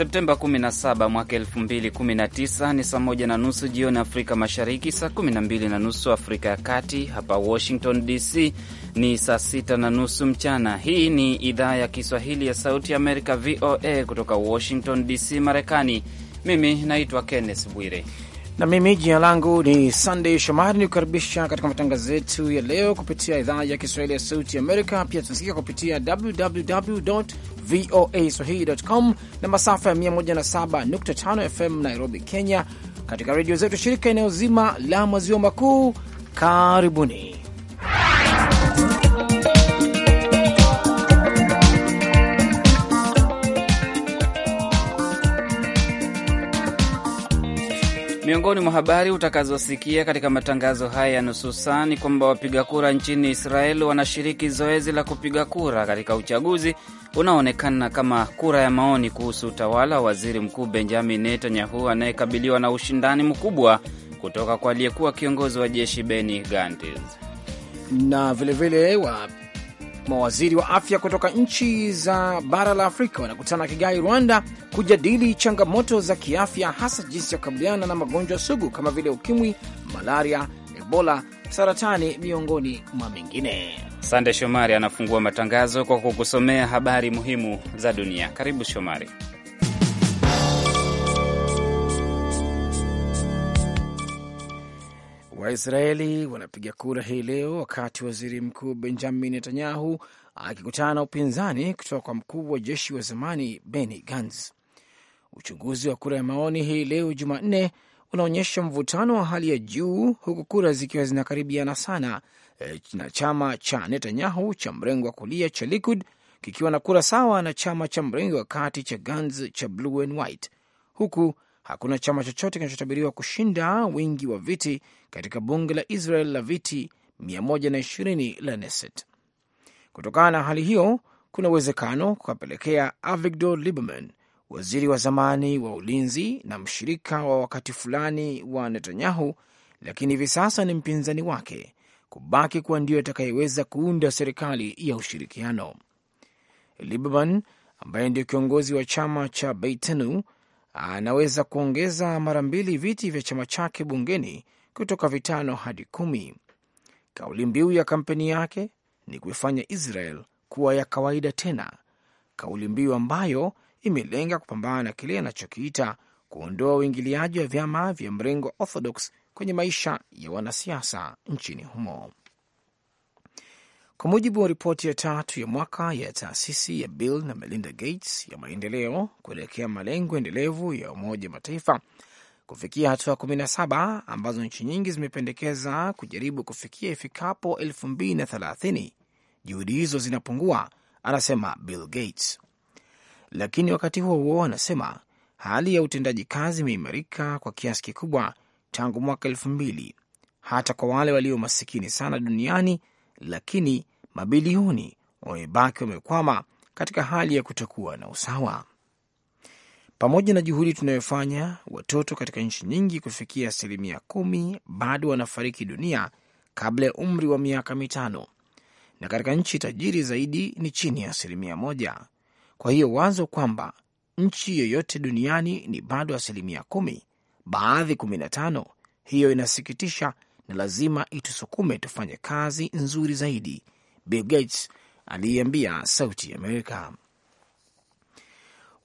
Septemba 17 mwaka 2019 ni saa moja na nusu jioni Afrika Mashariki, saa 12 na nusu Afrika ya Kati. Hapa Washington DC ni saa 6 na nusu mchana. Hii ni idhaa ya Kiswahili ya Sauti ya Amerika, VOA, kutoka Washington DC, Marekani. Mimi naitwa Kenneth Bwire na mimi jina langu ni sandey Shomari, ni kukaribisha katika matangazo yetu ya leo kupitia idhaa ya Kiswahili ya Sauti Amerika. Pia tunasikika kupitia www voa swahili.com na masafa ya 107.5 FM Nairobi, Kenya, katika redio zetu shirika eneo zima la maziwa makuu. Karibuni. Miongoni mwa habari utakazosikia katika matangazo haya ya nusu saa ni kwamba wapiga kura nchini Israeli wanashiriki zoezi la kupiga kura katika uchaguzi unaoonekana kama kura ya maoni kuhusu utawala wa waziri mkuu Benjamin Netanyahu anayekabiliwa na ushindani mkubwa kutoka kwa aliyekuwa kiongozi wa jeshi Beni Gantz na vilevile Mawaziri wa afya kutoka nchi za bara la Afrika wanakutana Kigali, Rwanda, kujadili changamoto za kiafya, hasa jinsi ya kukabiliana na magonjwa sugu kama vile ukimwi, malaria, ebola, saratani, miongoni mwa mengine. Sande Shomari anafungua matangazo kwa kukusomea habari muhimu za dunia. Karibu Shomari. Waisraeli wanapiga kura hii leo wakati waziri mkuu Benjamin Netanyahu akikutana na upinzani kutoka kwa mkuu wa jeshi wa zamani Benny Gantz. Uchunguzi wa kura ya maoni hii leo Jumanne unaonyesha mvutano wa hali ya juu, huku kura zikiwa zinakaribiana sana eh, na chama cha Netanyahu cha mrengo wa kulia cha Likud kikiwa na kura sawa na chama cha mrengo wa kati cha Gantz cha Blue and White, huku hakuna chama chochote kinachotabiriwa kushinda wingi wa viti katika bunge la Israel la viti 120 la Neset. Kutokana na hali hiyo, kuna uwezekano kukapelekea Avigdor Lieberman, waziri wa zamani wa ulinzi na mshirika wa wakati fulani wa Netanyahu, lakini hivi sasa ni mpinzani wake, kubaki kuwa ndio atakayeweza kuunda serikali ya ushirikiano. Lieberman ambaye ndio kiongozi wa chama cha Beitenu anaweza kuongeza mara mbili viti vya chama chake bungeni kutoka vitano hadi kumi. Kauli mbiu ya kampeni yake ni kuifanya Israel kuwa ya kawaida tena, kauli mbiu ambayo imelenga kupambana na kile anachokiita kuondoa uingiliaji wa vyama vya mrengo Orthodox kwenye maisha ya wanasiasa nchini humo. Kwa mujibu wa ripoti ya tatu ya mwaka ya taasisi ya Bill na Melinda Gates ya maendeleo kuelekea malengo endelevu ya Umoja wa Mataifa, kufikia hatua 17 ambazo nchi nyingi zimependekeza kujaribu kufikia ifikapo 2030, juhudi hizo zinapungua, anasema Bill Gates. Lakini wakati huo huo, anasema hali ya utendaji kazi imeimarika kwa kiasi kikubwa tangu mwaka 2000 hata kwa wale walio masikini sana duniani lakini mabilioni wamebaki wamekwama katika hali ya kutokuwa na usawa. Pamoja na juhudi tunayofanya, watoto katika nchi nyingi kufikia asilimia kumi bado wanafariki dunia kabla ya umri wa miaka mitano, na katika nchi tajiri zaidi ni chini ya asilimia moja. Kwa hiyo wazo kwamba nchi yoyote duniani ni bado asilimia kumi, baadhi kumi na tano, hiyo inasikitisha na lazima itusukume tufanye kazi nzuri zaidi, Bill Gates aliiambia Sauti ya Amerika.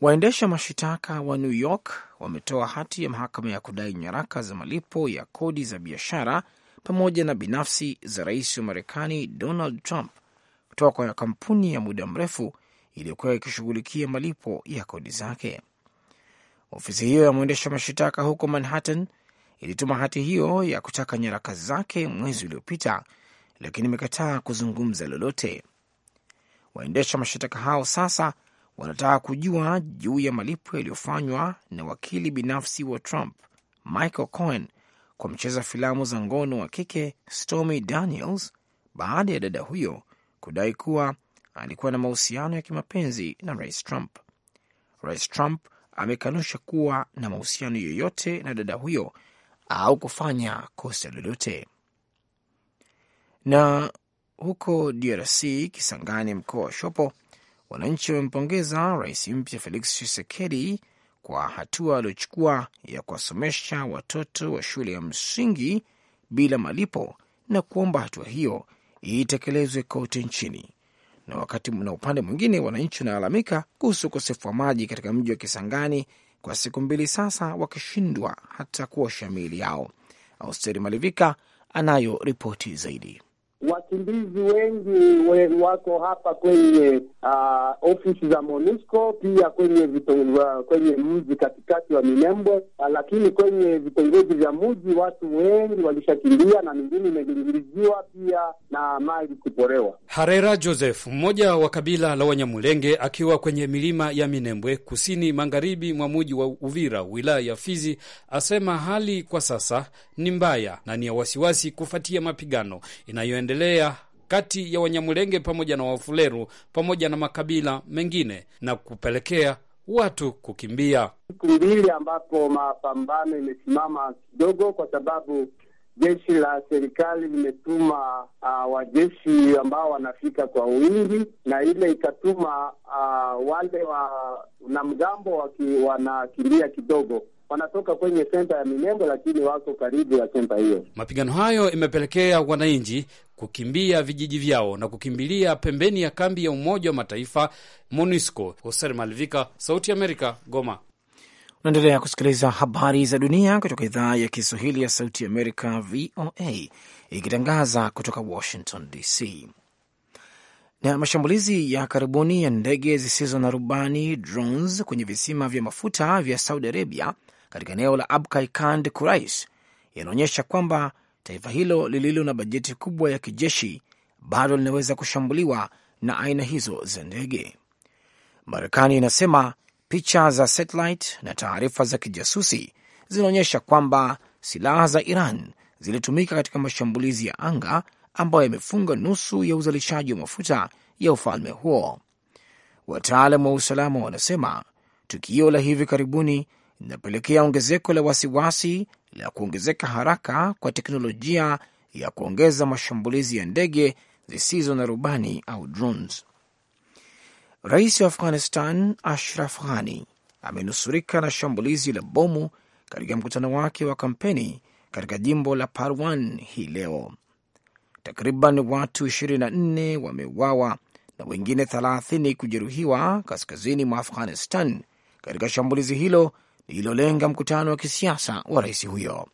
Waendesha mashitaka wa New York wametoa hati ya mahakama ya kudai nyaraka za malipo ya kodi za biashara pamoja na binafsi za rais wa Marekani Donald Trump kutoka kwa kampuni ya muda mrefu iliyokuwa ikishughulikia malipo ya kodi zake. Ofisi hiyo ya mwendesha mashitaka huko Manhattan ilituma hati hiyo ya kutaka nyaraka zake mwezi uliopita, lakini imekataa kuzungumza lolote. Waendesha mashitaka hao sasa wanataka kujua juu ya malipo yaliyofanywa na wakili binafsi wa Trump Michael Cohen kwa mcheza filamu za ngono wa kike Stormy Daniels baada ya dada huyo kudai kuwa alikuwa na mahusiano ya kimapenzi na Rais Trump. Rais Trump amekanusha kuwa na mahusiano yoyote na dada huyo au kufanya kosa lolote. Na huko DRC, Kisangani, mkoa wa Shopo, wananchi wamempongeza rais mpya Felix Tshisekedi kwa hatua aliochukua ya kuwasomesha watoto wa shule ya msingi bila malipo na kuomba hatua hiyo itekelezwe kote nchini. Na wakati na upande mwingine, wananchi wanalalamika kuhusu ukosefu wa maji katika mji wa Kisangani kwa siku mbili sasa wakishindwa hata kuosha miili yao. Austeri Malivika anayo ripoti zaidi. Wakimbizi wengi we, wako hapa kwenye uh, ofisi za MONUSCO pia kwenye kwenye mji katikati wa Minembwe, ah, lakini kwenye vitongoji vya mji watu wengi walishakimbia na mingine imegingiriziwa pia na mali kuporewa. Harera Joseph, mmoja wa kabila la Wanyamulenge, akiwa kwenye milima ya Minembwe kusini magharibi mwa muji wa Uvira wilaya ya Fizi, asema hali kwa sasa ni mbaya na ni ya wasiwasi kufuatia mapigano inayo unaendelea kati ya Wanyamulenge pamoja na Wafuleru pamoja na makabila mengine na kupelekea watu kukimbia. Siku mbili ambapo mapambano imesimama kidogo, kwa sababu jeshi la serikali limetuma uh, wajeshi ambao wanafika kwa wingi, na ile ikatuma uh, wale wanamgambo wanakimbia kidogo wanatoka kwenye senta ya Minembo lakini wako karibu ya senta hiyo. Mapigano hayo imepelekea wananchi kukimbia vijiji vyao na kukimbilia pembeni ya kambi ya Umoja wa Mataifa MONUSCO. Hoser Malvika, Sauti Amerika, Goma. Unaendelea kusikiliza habari za dunia kutoka idhaa ya Kiswahili ya Sauti Amerika, VOA, ikitangaza kutoka Washington DC. Na mashambulizi ya karibuni ya ndege zisizo na rubani drones kwenye visima vya mafuta vya Saudi Arabia katika eneo la Abkaikand Kurais yanaonyesha kwamba taifa hilo lililo na bajeti kubwa ya kijeshi bado linaweza kushambuliwa na aina hizo za ndege. Marekani inasema picha za satellite na taarifa za kijasusi zinaonyesha kwamba silaha za Iran zilitumika katika mashambulizi ya anga ambayo yamefunga nusu ya uzalishaji wa mafuta ya ufalme huo. Wataalam wa usalama wanasema tukio la hivi karibuni linapelekea ongezeko la wasiwasi la kuongezeka haraka kwa teknolojia ya kuongeza mashambulizi ya ndege zisizo na rubani au drones. Rais wa Afghanistan Ashraf Ghani amenusurika na shambulizi la bomu katika mkutano wake wa kampeni katika jimbo la Parwan hii leo. Takriban watu 24 wameuawa na wengine 30 kujeruhiwa kaskazini mwa Afghanistan katika shambulizi hilo lililolenga mkutano wa kisiasa wa rais huyo.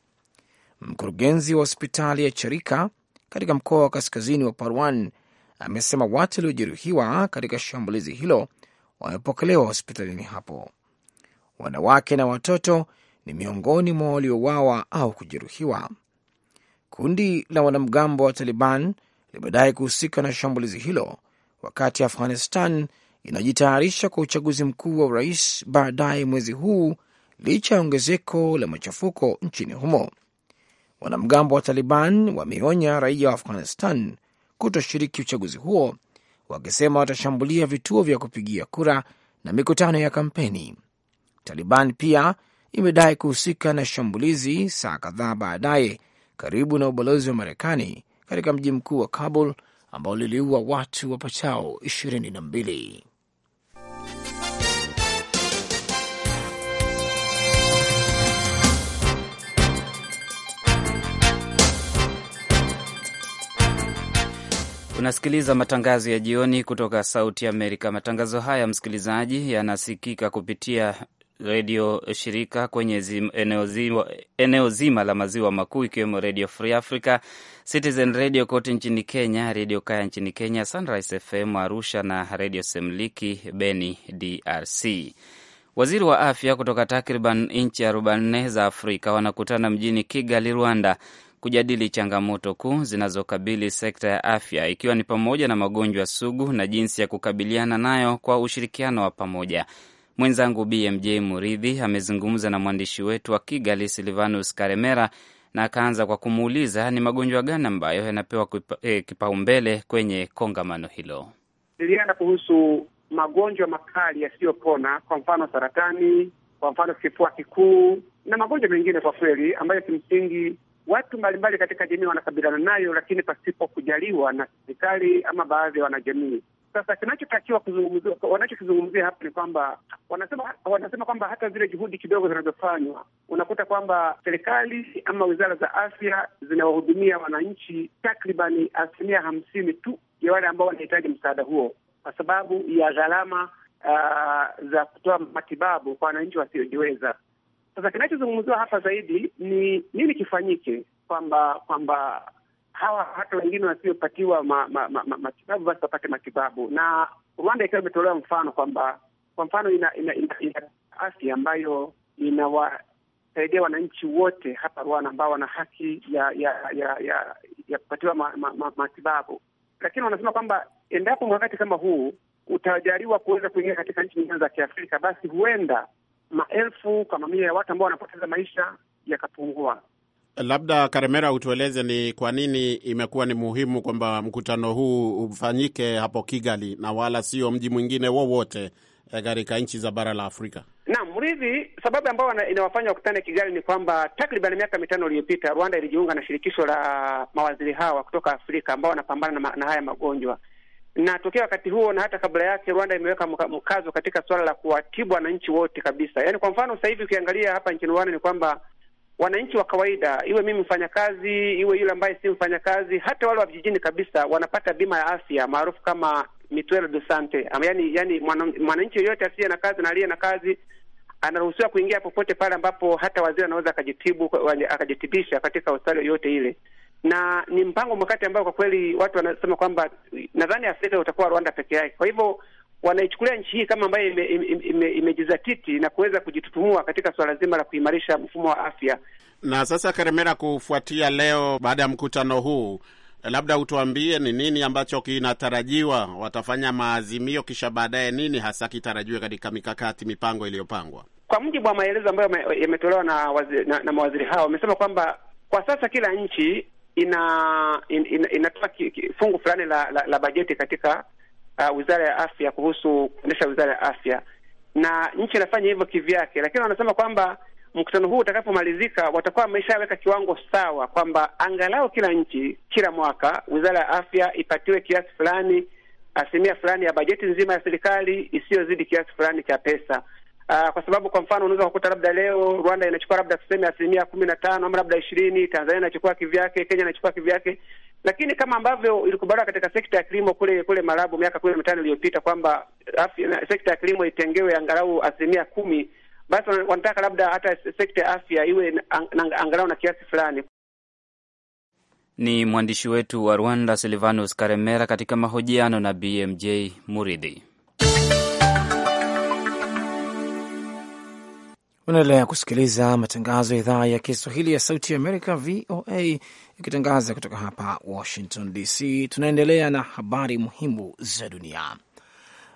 Mkurugenzi wa hospitali ya Cherika katika mkoa wa kaskazini wa Parwan amesema watu waliojeruhiwa katika shambulizi hilo wamepokelewa hospitalini hapo. Wanawake na watoto ni miongoni mwa waliowawa au kujeruhiwa. Kundi la wanamgambo wa Taliban limedai kuhusika na shambulizi hilo wakati Afghanistan inajitayarisha kwa uchaguzi mkuu wa urais baadaye mwezi huu licha ya ongezeko la machafuko nchini humo. Wanamgambo wa Taliban wameonya raia wa Afghanistan kutoshiriki uchaguzi huo, wakisema watashambulia vituo vya kupigia kura na mikutano ya kampeni. Taliban pia imedai kuhusika na shambulizi saa kadhaa baadaye karibu na ubalozi wa Marekani katika mji mkuu wa Kabul ambao liliua watu wapatao ishirini na mbili. Unasikiliza matangazo ya jioni kutoka Sauti Amerika. Matangazo haya, msikilizaji, yanasikika kupitia redio shirika kwenye zim, eneo, zima, eneo zima la maziwa makuu ikiwemo Redio Free Africa, Citizen Radio kote nchini Kenya, Redio Kaya nchini Kenya, Sunrise FM Arusha na Redio Semliki Beni, DRC. Waziri wa afya kutoka takriban nchi 44 za Afrika wanakutana mjini Kigali, Rwanda kujadili changamoto kuu zinazokabili sekta ya afya ikiwa ni pamoja na magonjwa sugu na jinsi ya kukabiliana nayo kwa ushirikiano wa pamoja. Mwenzangu BMJ Muridhi amezungumza na mwandishi wetu wa Kigali, Silvanus Karemera, na akaanza kwa kumuuliza ni magonjwa gani ambayo yanapewa eh, kipaumbele eh, kwenye kongamano hilo. Iliana kuhusu magonjwa makali yasiyopona, kwa mfano saratani, kwa mfano kifua kikuu na magonjwa mengine, kwa kweli ambayo kimsingi watu mbalimbali katika jamii wanakabiliana nayo, lakini pasipo kujaliwa na serikali ama baadhi ya wanajamii. Sasa kinachotakiwa kuzungumziwa, wanachokizungumzia hapa ni kwamba wanasema wanasema kwamba hata zile juhudi kidogo zinazofanywa, unakuta kwamba serikali ama wizara za afya zinawahudumia wananchi takribani asilimia hamsini tu ya wale ambao wanahitaji msaada huo, kwa sababu ya gharama uh, za kutoa matibabu kwa wananchi wasiojiweza. Sasa kinachozungumziwa hapa zaidi ni nini kifanyike, kwamba kwamba hawa hata wengine wasiopatiwa matibabu basi wapate matibabu, na Rwanda ikiwa imetolewa mfano kwamba kwa mfano ina, ina, ina, ina afya ambayo inawasaidia wananchi wote hapa Rwanda ambao wana haki ya ya ya, ya, ya kupatiwa ma, ma, ma, matibabu, lakini wanasema kwamba endapo mkakati kama huu utajariwa kuweza kuingia katika nchi nyingine za Kiafrika, basi huenda maelfu kwa mamia ya watu ambao wanapoteza maisha yakapungua. Labda Karemera, utueleze ni kwa nini imekuwa ni muhimu kwamba mkutano huu ufanyike hapo Kigali na wala sio mji mwingine wowote eh, katika nchi za bara la Afrika. Naam, Mridhi, sababu ambayo inawafanya wakutane Kigali ni kwamba takriban miaka mitano iliyopita Rwanda ilijiunga na shirikisho la mawaziri hawa kutoka Afrika ambao wanapambana na, na haya magonjwa na tokea wakati huo na hata kabla yake Rwanda imeweka mkazo katika suala la kuwatibu wananchi wote kabisa. Yaani, kwa mfano sasa hivi ukiangalia hapa nchini Rwanda ni kwamba wananchi wa kawaida, iwe mimi mfanyakazi, iwe yule ambaye si mfanyakazi, hata wale wa vijijini kabisa, wanapata bima ya afya maarufu kama mituelo de sante. Yaani, yani mwananchi yeyote asiye na kazi na aliye na kazi anaruhusiwa kuingia popote pale ambapo hata waziri anaweza akajitibu akajitibisha katika hospitali yoyote ile na ni mpango mkakati ambao kwa kweli watu wanasema kwamba nadhani Afrika utakuwa Rwanda peke yake. Kwa hivyo wanaichukulia nchi hii kama ambayo imejizatiti ime, ime, ime na kuweza kujitutumua katika suala zima la kuimarisha mfumo wa afya. Na sasa, Karemera, kufuatia leo baada ya mkutano huu, labda utuambie ni nini ambacho kinatarajiwa, watafanya maazimio, kisha baadaye nini hasa kitarajiwe katika mikakati, mipango iliyopangwa? Kwa mujibu wa maelezo ambayo yametolewa na, na, na mawaziri hao, wamesema kwamba kwa sasa kila nchi ina, in, in, inatoa fungu fulani la, la, la bajeti katika uh, wizara ya afya kuhusu kuendesha wizara ya afya, na nchi inafanya hivyo kivyake, lakini wanasema kwamba mkutano huu utakapomalizika watakuwa wameshaweka kiwango sawa kwamba angalau kila nchi kila mwaka wizara ya afya ipatiwe kiasi fulani asilimia fulani ya bajeti nzima ya serikali isiyozidi kiasi fulani cha pesa. Uh, kwa sababu kwa mfano unaweza kukuta labda leo Rwanda inachukua labda tuseme asilimia kumi na tano ama labda ishirini, Tanzania inachukua kivyake, Kenya inachukua kivyake, lakini kama ambavyo ilikubaliwa katika sekta ya kilimo kule kule Malabo miaka kumi na mitano iliyopita kwamba sekta ya kilimo itengewe angalau asilimia kumi, basi wanataka labda hata sekta ya afya iwe angalau na kiasi fulani. Ni mwandishi wetu wa Rwanda Silvanus Karemera katika mahojiano na BMJ Muridhi. Unaendelea kusikiliza matangazo ya idhaa ya Kiswahili ya Sauti ya Amerika, VOA, ikitangaza kutoka hapa Washington DC. Tunaendelea na habari muhimu za dunia.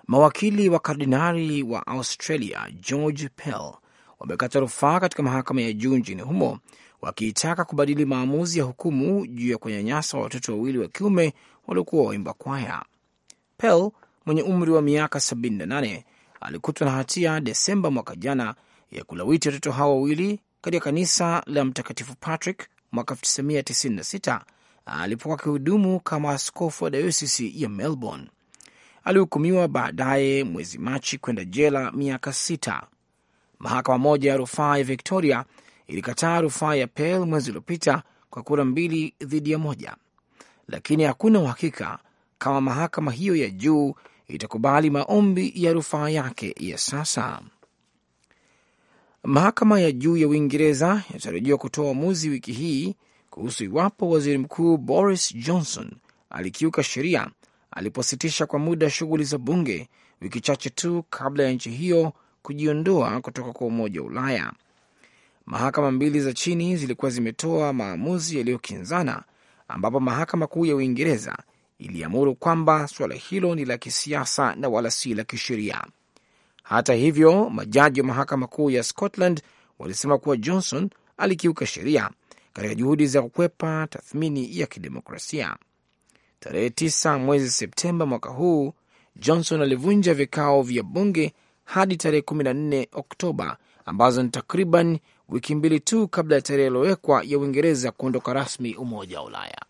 Mawakili wa kardinali wa Australia George Pell wamekata rufaa katika mahakama ya juu nchini humo wakiitaka kubadili maamuzi ya hukumu juu ya kunyanyasa wa watoto wawili wa kiume waliokuwa waimba kwaya. Pell mwenye umri wa miaka 78 alikutwa na hatia Desemba mwaka jana ya kulawiti watoto hao wawili katika kanisa la Mtakatifu Patrick mwaka 1996 alipokuwa akihudumu kama askofu wa dayosisi ya Melbourne. Alihukumiwa baadaye mwezi Machi kwenda jela miaka sita. Mahakama moja ya rufaa ya Victoria ilikataa rufaa ya Pell mwezi uliopita kwa kura mbili dhidi ya moja, lakini hakuna uhakika kama mahakama hiyo ya juu itakubali maombi ya rufaa yake ya sasa. Mahakama ya juu ya Uingereza inatarajiwa kutoa uamuzi wiki hii kuhusu iwapo waziri mkuu Boris Johnson alikiuka sheria alipositisha kwa muda shughuli za bunge wiki chache tu kabla ya nchi hiyo kujiondoa kutoka kwa Umoja wa Ulaya. Mahakama mbili za chini zilikuwa zimetoa maamuzi yaliyokinzana, ambapo mahakama kuu ya Uingereza iliamuru kwamba suala hilo ni la kisiasa na wala si la kisheria. Hata hivyo, majaji wa mahakama kuu ya Scotland walisema kuwa Johnson alikiuka sheria katika juhudi za kukwepa tathmini ya kidemokrasia. Tarehe 9 mwezi Septemba mwaka huu, Johnson alivunja vikao vya bunge hadi tarehe 14 Oktoba, ambazo ni takriban wiki mbili tu kabla ya tarehe iliyowekwa ya Uingereza kuondoka rasmi Umoja wa Ulaya.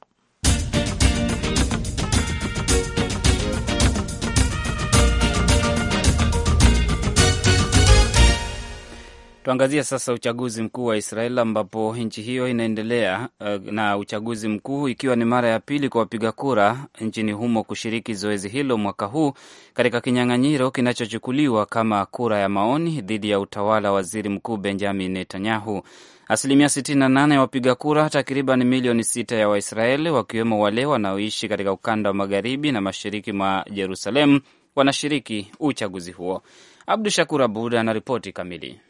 Tuangazie sasa uchaguzi mkuu wa Israel ambapo nchi hiyo inaendelea eh, na uchaguzi mkuu ikiwa ni mara ya pili kwa wapiga kura nchini humo kushiriki zoezi hilo mwaka huu katika kinyang'anyiro kinachochukuliwa kama kura ya maoni dhidi ya utawala wa waziri mkuu Benjamin Netanyahu. Asilimia 68 ya wapiga kura takriban milioni sita ya Waisraeli wakiwemo wale wanaoishi katika ukanda wa magharibi na mashariki mwa Jerusalemu wanashiriki uchaguzi huo. Abdu Shakur Abud anaripoti kamili.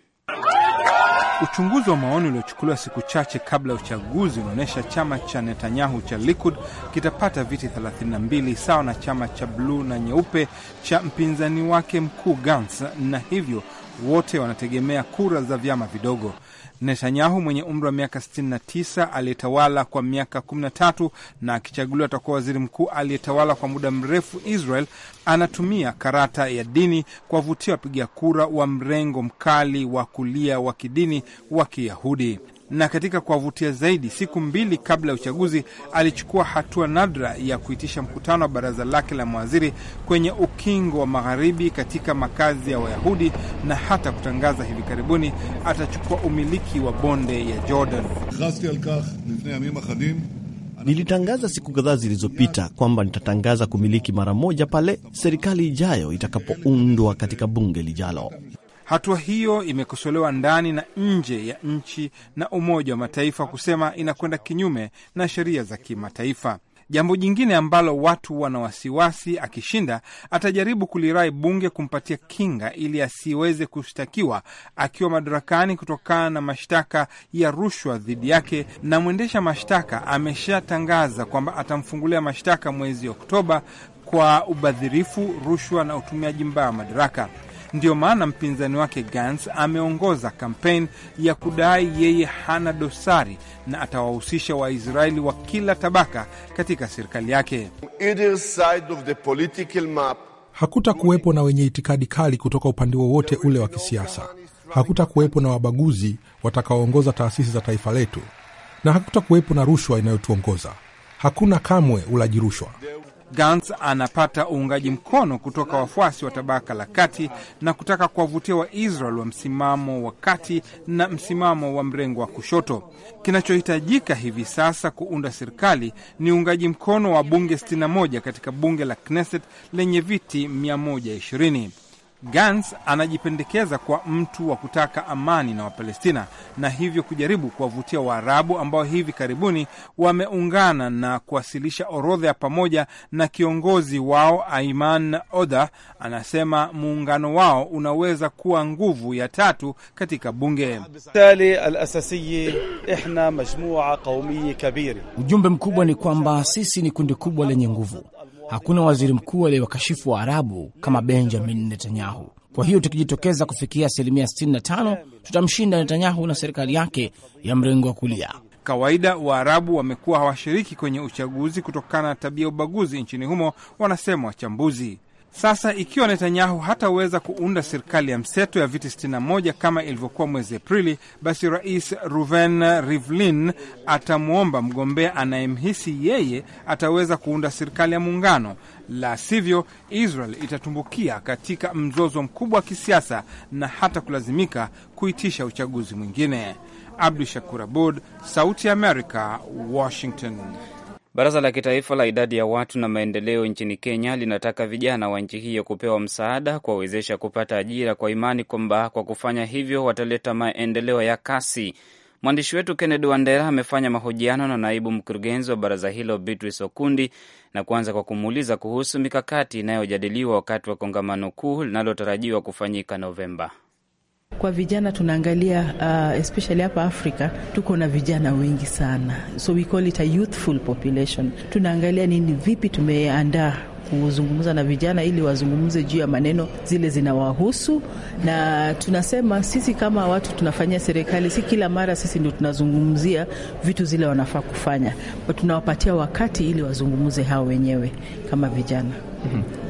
Uchunguzi wa maoni uliochukuliwa siku chache kabla ya uchaguzi unaonyesha chama cha Netanyahu cha Likud kitapata viti 32 sawa na chama cha bluu na nyeupe cha mpinzani wake mkuu Gantz, na hivyo wote wanategemea kura za vyama vidogo. Netanyahu mwenye umri wa miaka 69 aliyetawala kwa miaka 13 na akichaguliwa atakuwa waziri mkuu aliyetawala kwa muda mrefu Israel, anatumia karata ya dini kuwavutia wapiga kura wa mrengo mkali wa kulia wa kidini wa Kiyahudi na katika kuwavutia zaidi, siku mbili kabla ya uchaguzi alichukua hatua nadra ya kuitisha mkutano wa baraza lake la mawaziri kwenye ukingo wa magharibi katika makazi ya Wayahudi na hata kutangaza hivi karibuni atachukua umiliki wa bonde ya Jordan. Nilitangaza siku kadhaa zilizopita kwamba nitatangaza kumiliki mara moja pale serikali ijayo itakapoundwa katika bunge lijalo. Hatua hiyo imekosolewa ndani na nje ya nchi na Umoja wa Mataifa kusema inakwenda kinyume na sheria za kimataifa. Jambo jingine ambalo watu wana wasiwasi, akishinda atajaribu kulirai bunge kumpatia kinga ili asiweze kushtakiwa akiwa madarakani kutokana na mashtaka ya rushwa dhidi yake, na mwendesha mashtaka ameshatangaza kwamba atamfungulia mashtaka mwezi Oktoba kwa ubadhirifu, rushwa na utumiaji mbaya wa madaraka. Ndiyo maana mpinzani wake gans ameongoza kampeni ya kudai yeye hana dosari na atawahusisha Waisraeli wa kila tabaka katika serikali yake. Hakuta kuwepo na wenye itikadi kali kutoka upande wowote ule wa kisiasa. Hakuta kuwepo na wabaguzi watakaoongoza taasisi za taifa letu, na hakuta kuwepo na rushwa inayotuongoza. Hakuna kamwe ulaji rushwa. Gantz anapata uungaji mkono kutoka wafuasi wa tabaka la kati na kutaka kuwavutia Waisrael wa msimamo wa kati na msimamo wa mrengo wa kushoto. Kinachohitajika hivi sasa kuunda serikali ni uungaji mkono wa bunge 61 katika bunge la Knesset lenye viti 120. Gans anajipendekeza kwa mtu wa kutaka amani na Wapalestina na hivyo kujaribu kuwavutia Waarabu ambao hivi karibuni wameungana na kuwasilisha orodha ya pamoja, na kiongozi wao Aiman Oda anasema muungano wao unaweza kuwa nguvu ya tatu katika bunge. Ujumbe mkubwa ni kwamba sisi ni kundi kubwa lenye nguvu hakuna waziri mkuu aliyewakashifu wa Arabu kama Benjamin Netanyahu. Kwa hiyo tukijitokeza kufikia asilimia 65 tutamshinda Netanyahu na serikali yake ya mrengo wa kulia. Kawaida Waarabu wamekuwa hawashiriki kwenye uchaguzi kutokana na tabia ya ubaguzi nchini humo, wanasema wachambuzi. Sasa ikiwa Netanyahu hataweza kuunda serikali ya mseto ya viti 61 kama ilivyokuwa mwezi Aprili, basi rais Ruven Rivlin atamwomba mgombea anayemhisi yeye ataweza kuunda serikali ya muungano. La sivyo, Israel itatumbukia katika mzozo mkubwa wa kisiasa na hata kulazimika kuitisha uchaguzi mwingine. Abdu Shakur Abud, Sauti ya america Washington. Baraza la Kitaifa la Idadi ya Watu na Maendeleo nchini Kenya linataka vijana wa nchi hiyo kupewa msaada kuwawezesha kupata ajira kwa imani kwamba kwa kufanya hivyo wataleta maendeleo ya kasi. Mwandishi wetu Kennedy Wandera amefanya mahojiano na naibu mkurugenzi wa baraza hilo Beatrice Okundi na kuanza kwa kumuuliza kuhusu mikakati inayojadiliwa wakati wa kongamano kuu linalotarajiwa kufanyika Novemba. Kwa vijana tunaangalia uh, especially hapa Afrika tuko na vijana wengi sana, so we call it a youthful population. Tunaangalia nini, vipi tumeandaa kuzungumza na vijana ili wazungumze juu ya maneno zile zinawahusu, na tunasema sisi kama watu tunafanyia serikali, si kila mara sisi ndio tunazungumzia vitu zile wanafaa kufanya, tunawapatia wakati ili wazungumze hao wenyewe kama vijana. mm -hmm.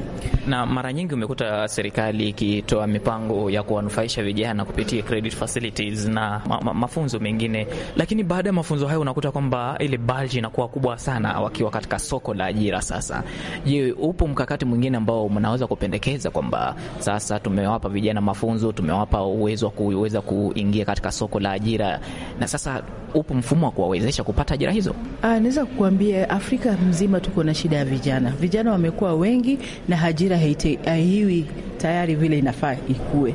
Na mara nyingi umekuta serikali ikitoa mipango ya kuwanufaisha vijana kupitia credit facilities na ma ma mafunzo mengine, lakini baada ya mafunzo hayo unakuta kwamba ile bulge inakuwa kubwa sana wakiwa katika soko la ajira. Sasa je, upo mkakati mwingine ambao mnaweza kupendekeza kwamba sasa tumewapa vijana mafunzo, tumewapa uwezo wa kuweza kuingia katika soko la ajira, na sasa upo mfumo wa kuwawezesha kupata ajira hizo? Ah, naweza kukuambia Afrika mzima tuko na shida ya vijana. Vijana wamekuwa wengi na ajira haiwi tayari vile inafaa ikue.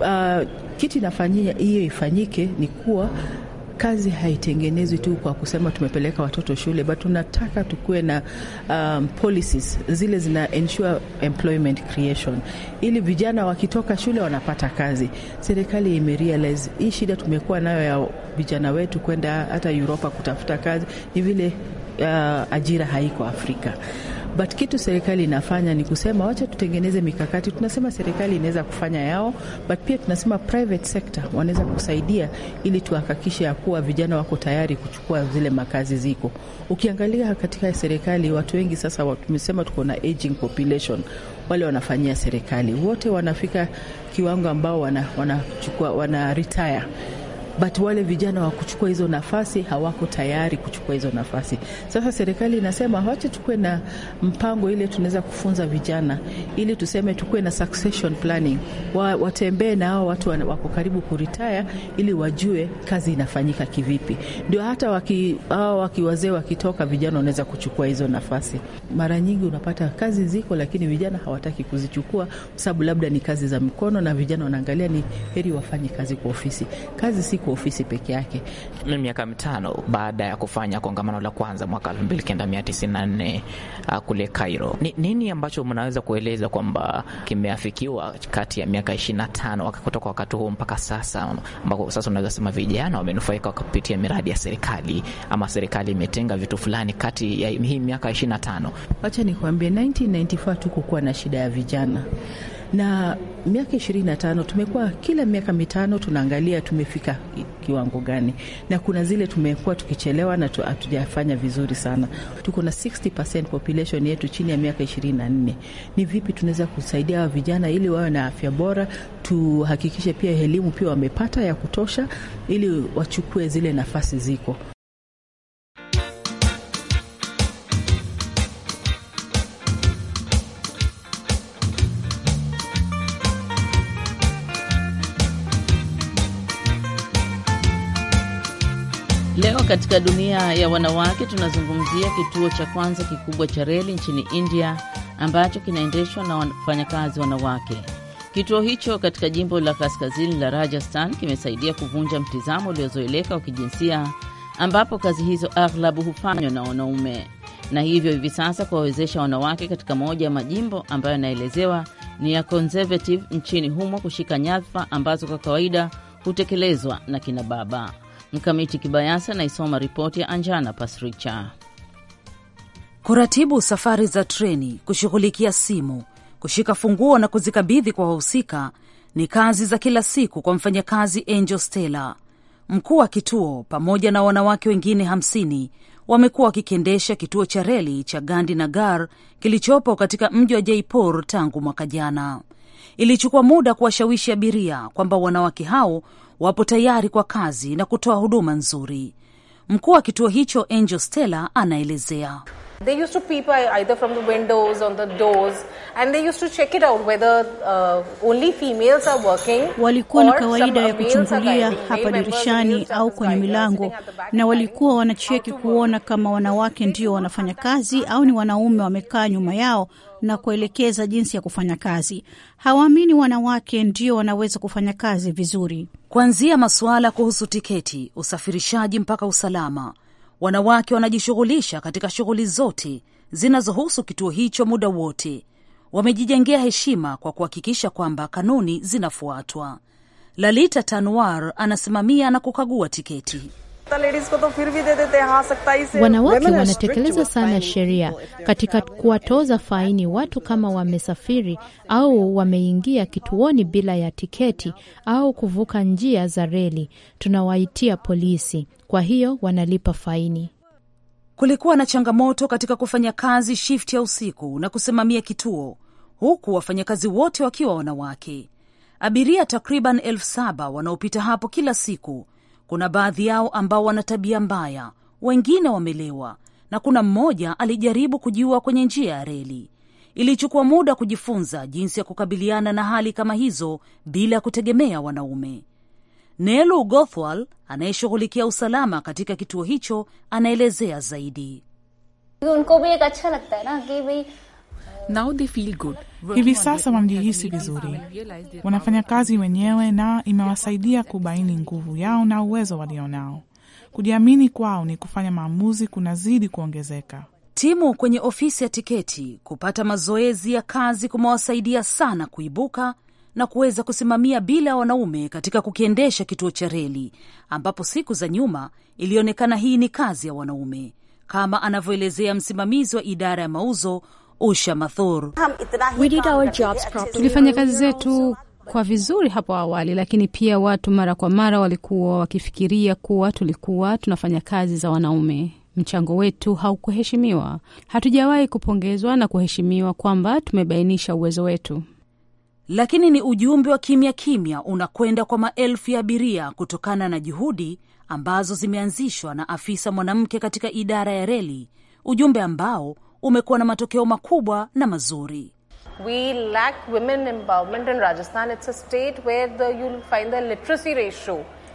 Uh, kitu inafanyia hiyo ifanyike ni kuwa kazi haitengenezwi tu kwa kusema tumepeleka watoto shule, but tunataka tukuwe na um, policies zile zina ensure employment creation, ili vijana wakitoka shule wanapata kazi. Serikali imerealize hii shida tumekuwa nayo ya vijana wetu kwenda hata Uropa kutafuta kazi, ni vile uh, ajira haiko Afrika but kitu serikali inafanya ni kusema wacha tutengeneze mikakati. Tunasema serikali inaweza kufanya yao, but pia tunasema private sector wanaweza kusaidia, ili tuhakikishe ya kuwa vijana wako tayari kuchukua zile makazi ziko. Ukiangalia katika serikali, watu wengi sasa, tumesema tuko na aging population wale wanafanyia serikali wote wanafika kiwango ambao wanachukua wana, wana retire but wale vijana wa kuchukua hizo nafasi hawako tayari kuchukua hizo nafasi. Sasa serikali inasema wacha tukuwe na mpango ile tunaweza kufunza vijana, ili tuseme tukuwe na succession planning, wa, watembee na hao watu wako karibu kuritaya, ili wajue kazi inafanyika kivipi, ndio hata waki, hao wakiwazee wakitoka, vijana wanaweza kuchukua hizo nafasi. Mara nyingi unapata kazi ziko, lakini vijana hawataki kuzichukua kwa sababu labda ni kazi za mikono, na vijana wanaangalia ni heri wafanye kazi kwa ofisi. Kazi si kwa ofisi peke yake. Miaka mitano baada ya kufanya kongamano la kwanza mwaka 1994 ah, kule Cairo, ni nini ambacho mnaweza kueleza kwamba kimeafikiwa kati ya miaka 25 kutoka wakati huo mpaka sasa, ambako sasa unaweza sema vijana wamenufaika kupitia miradi ya serikali ama serikali imetenga vitu fulani kati ya hii miaka 25? Wacha nikwambie, 1994 tukukuwa na shida ya vijana na miaka ishirini na tano tumekuwa kila miaka mitano tunaangalia tumefika kiwango gani, na kuna zile tumekuwa tukichelewa na hatujafanya vizuri sana. Tuko na 60% population yetu chini ya miaka ishirini na nne. Ni vipi tunaweza kusaidia hawa vijana ili wawe na afya bora? Tuhakikishe pia elimu pia wamepata ya kutosha, ili wachukue zile nafasi ziko. katika dunia ya wanawake tunazungumzia kituo cha kwanza kikubwa cha reli nchini India ambacho kinaendeshwa na wafanyakazi wanawake. Kituo hicho katika jimbo la kaskazini la Rajasthan kimesaidia kuvunja mtizamo uliozoeleka wa kijinsia ambapo kazi hizo aghlabu hufanywa na wanaume na hivyo hivi sasa kuwawezesha wanawake katika moja ya majimbo ambayo yanaelezewa ni ya conservative nchini humo kushika nyadhifa ambazo kwa kawaida hutekelezwa na kina baba. Mkamiti Kibayasi anaisoma ripoti ya Anjana Pasricha. Kuratibu safari za treni, kushughulikia simu, kushika funguo na kuzikabidhi kwa wahusika ni kazi za kila siku kwa mfanyakazi Angel Stella. Mkuu wa kituo pamoja na wanawake wengine hamsini wamekuwa wakikiendesha kituo cha reli cha Gandhi Nagar kilichopo katika mji wa Jaipur tangu mwaka jana. Ilichukua muda kuwashawishi abiria kwamba wanawake hao wapo tayari kwa kazi na kutoa huduma nzuri. Mkuu wa kituo hicho Angel Stella anaelezea. They used to peep uh, either from the windows the doors and they used to check it out whether uh, only females are working. Walikuwa na kawaida ya kuchungulia hapa dirishani au kwenye milango, na walikuwa wanacheki kuona kama wanawake ndio wanafanya kazi au ni wanaume wamekaa nyuma yao na kuelekeza jinsi ya kufanya kazi. Hawaamini wanawake ndio wanaweza kufanya kazi vizuri, kuanzia masuala kuhusu tiketi, usafirishaji mpaka usalama. Wanawake wanajishughulisha katika shughuli zote zinazohusu kituo hicho muda wote. Wamejijengea heshima kwa kuhakikisha kwamba kanuni zinafuatwa. Lalita Tanwar anasimamia na kukagua tiketi. Wanawake wanatekeleza sana sheria katika kuwatoza faini watu kama wamesafiri au wameingia kituoni bila ya tiketi au kuvuka njia za reli. Tunawaitia polisi, kwa hiyo wanalipa faini. Kulikuwa na changamoto katika kufanya kazi shift ya usiku na kusimamia kituo, huku wafanyakazi wote wakiwa wanawake. Abiria takriban elfu saba wanaopita hapo kila siku kuna baadhi yao ambao wana tabia mbaya, wengine wamelewa, na kuna mmoja alijaribu kujiua kwenye njia ya reli. Ilichukua muda kujifunza jinsi ya kukabiliana na hali kama hizo bila ya kutegemea wanaume. Nelu Gothwal anayeshughulikia usalama katika kituo hicho anaelezea zaidi. Hivi sasa wamejihisi vizuri, wanafanya kazi wenyewe na imewasaidia kubaini nguvu yao na uwezo walionao. Kujiamini kwao ni kufanya maamuzi kunazidi kuongezeka. Timu kwenye ofisi ya tiketi kupata mazoezi ya kazi kumewasaidia sana kuibuka na kuweza kusimamia bila ya wanaume katika kukiendesha kituo cha reli, ambapo siku za nyuma ilionekana hii ni kazi ya wanaume, kama anavyoelezea msimamizi wa idara ya mauzo Usha Mathur. Tulifanya kazi zetu kwa vizuri hapo awali, lakini pia watu mara kwa mara walikuwa wakifikiria kuwa tulikuwa tunafanya kazi za wanaume. Mchango wetu haukuheshimiwa. Hatujawahi kupongezwa na kuheshimiwa kwamba tumebainisha uwezo wetu. Lakini ni ujumbe wa kimya kimya unakwenda kwa maelfu ya abiria kutokana na juhudi ambazo zimeanzishwa na afisa mwanamke katika idara ya reli, ujumbe ambao umekuwa na matokeo makubwa na mazuri.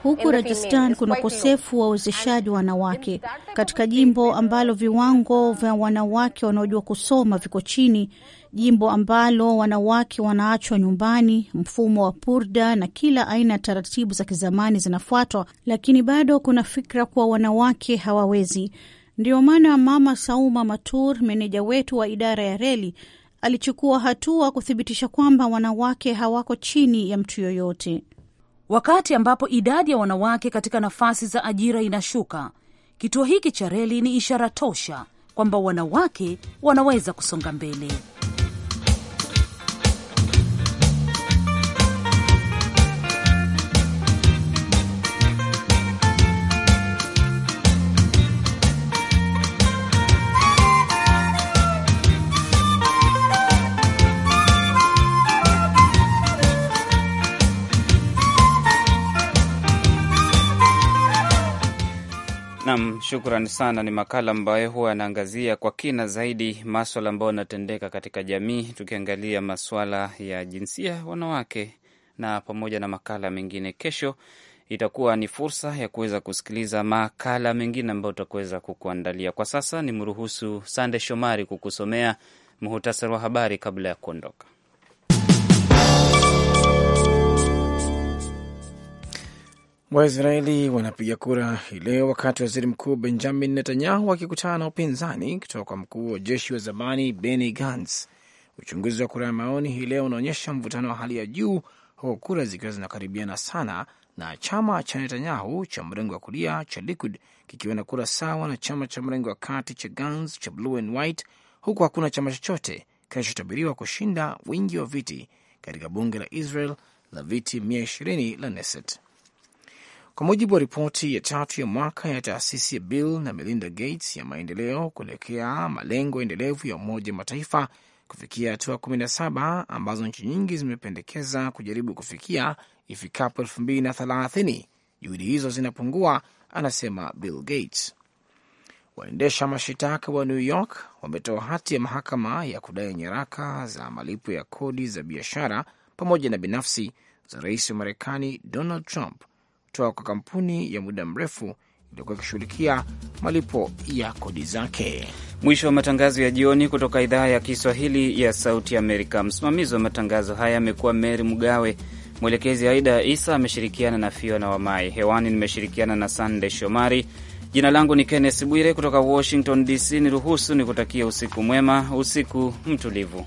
Huku Rajasthan kuna ukosefu wa uwezeshaji wa wanawake katika jimbo ambalo viwango vya wanawake wanaojua kusoma viko chini, jimbo ambalo wanawake wanaachwa nyumbani, mfumo wa purda na kila aina ya taratibu za kizamani zinafuatwa, lakini bado kuna fikra kuwa wanawake hawawezi. Ndiyo maana Mama Sauma Matur, meneja wetu wa idara ya reli, alichukua hatua kuthibitisha kwamba wanawake hawako chini ya mtu yoyote. Wakati ambapo idadi ya wanawake katika nafasi za ajira inashuka, kituo hiki cha reli ni ishara tosha kwamba wanawake wanaweza kusonga mbele. Shukran sana. Ni makala ambayo huwa yanaangazia kwa kina zaidi maswala ambayo yanatendeka katika jamii, tukiangalia maswala ya jinsia, wanawake na pamoja na makala mengine. Kesho itakuwa ni fursa ya kuweza kusikiliza makala mengine ambayo utakuweza kukuandalia. Kwa sasa ni mruhusu Sande Shomari kukusomea muhutasari wa habari kabla ya kuondoka. Waisraeli wanapiga kura hii leo wakati waziri mkuu Benjamin Netanyahu akikutana na upinzani kutoka kwa mkuu wa jeshi wa zamani Benny Gantz. Uchunguzi wa kura ya maoni hii leo unaonyesha mvutano wa hali ya juu, huku kura zikiwa zinakaribiana sana, na chama cha Netanyahu cha mrengo wa kulia cha Likud kikiwa na kura sawa na chama cha mrengo wa kati cha Gantz cha Blue and White, huku hakuna chama chochote kinachotabiriwa kushinda wingi wa viti katika bunge la Israel la viti 120 la Knesset. Kwa mujibu wa ripoti ya tatu ya mwaka ya taasisi ya Bill na Melinda Gates ya maendeleo kuelekea malengo endelevu ya Umoja Mataifa kufikia hatua 17 ambazo nchi nyingi zimependekeza kujaribu kufikia ifikapo 2030, juhudi hizo zinapungua, anasema Bill Gates. Waendesha mashitaka wa New York wametoa hati ya mahakama ya kudai nyaraka za malipo ya kodi za biashara pamoja na binafsi za rais wa Marekani Donald Trump kutoka kwa kampuni ya muda mrefu iliyokuwa ikishughulikia malipo ya kodi zake. Mwisho wa matangazo ya jioni kutoka idhaa ya Kiswahili ya Sauti Amerika. Msimamizi wa matangazo haya amekuwa Meri Mgawe, mwelekezi Aida Isa ameshirikiana na Fiona Wamai. Hewani nimeshirikiana na Sande Shomari. Jina langu ni Kenneth Bwire kutoka Washington DC. Niruhusu kutakia usiku mwema, usiku mtulivu.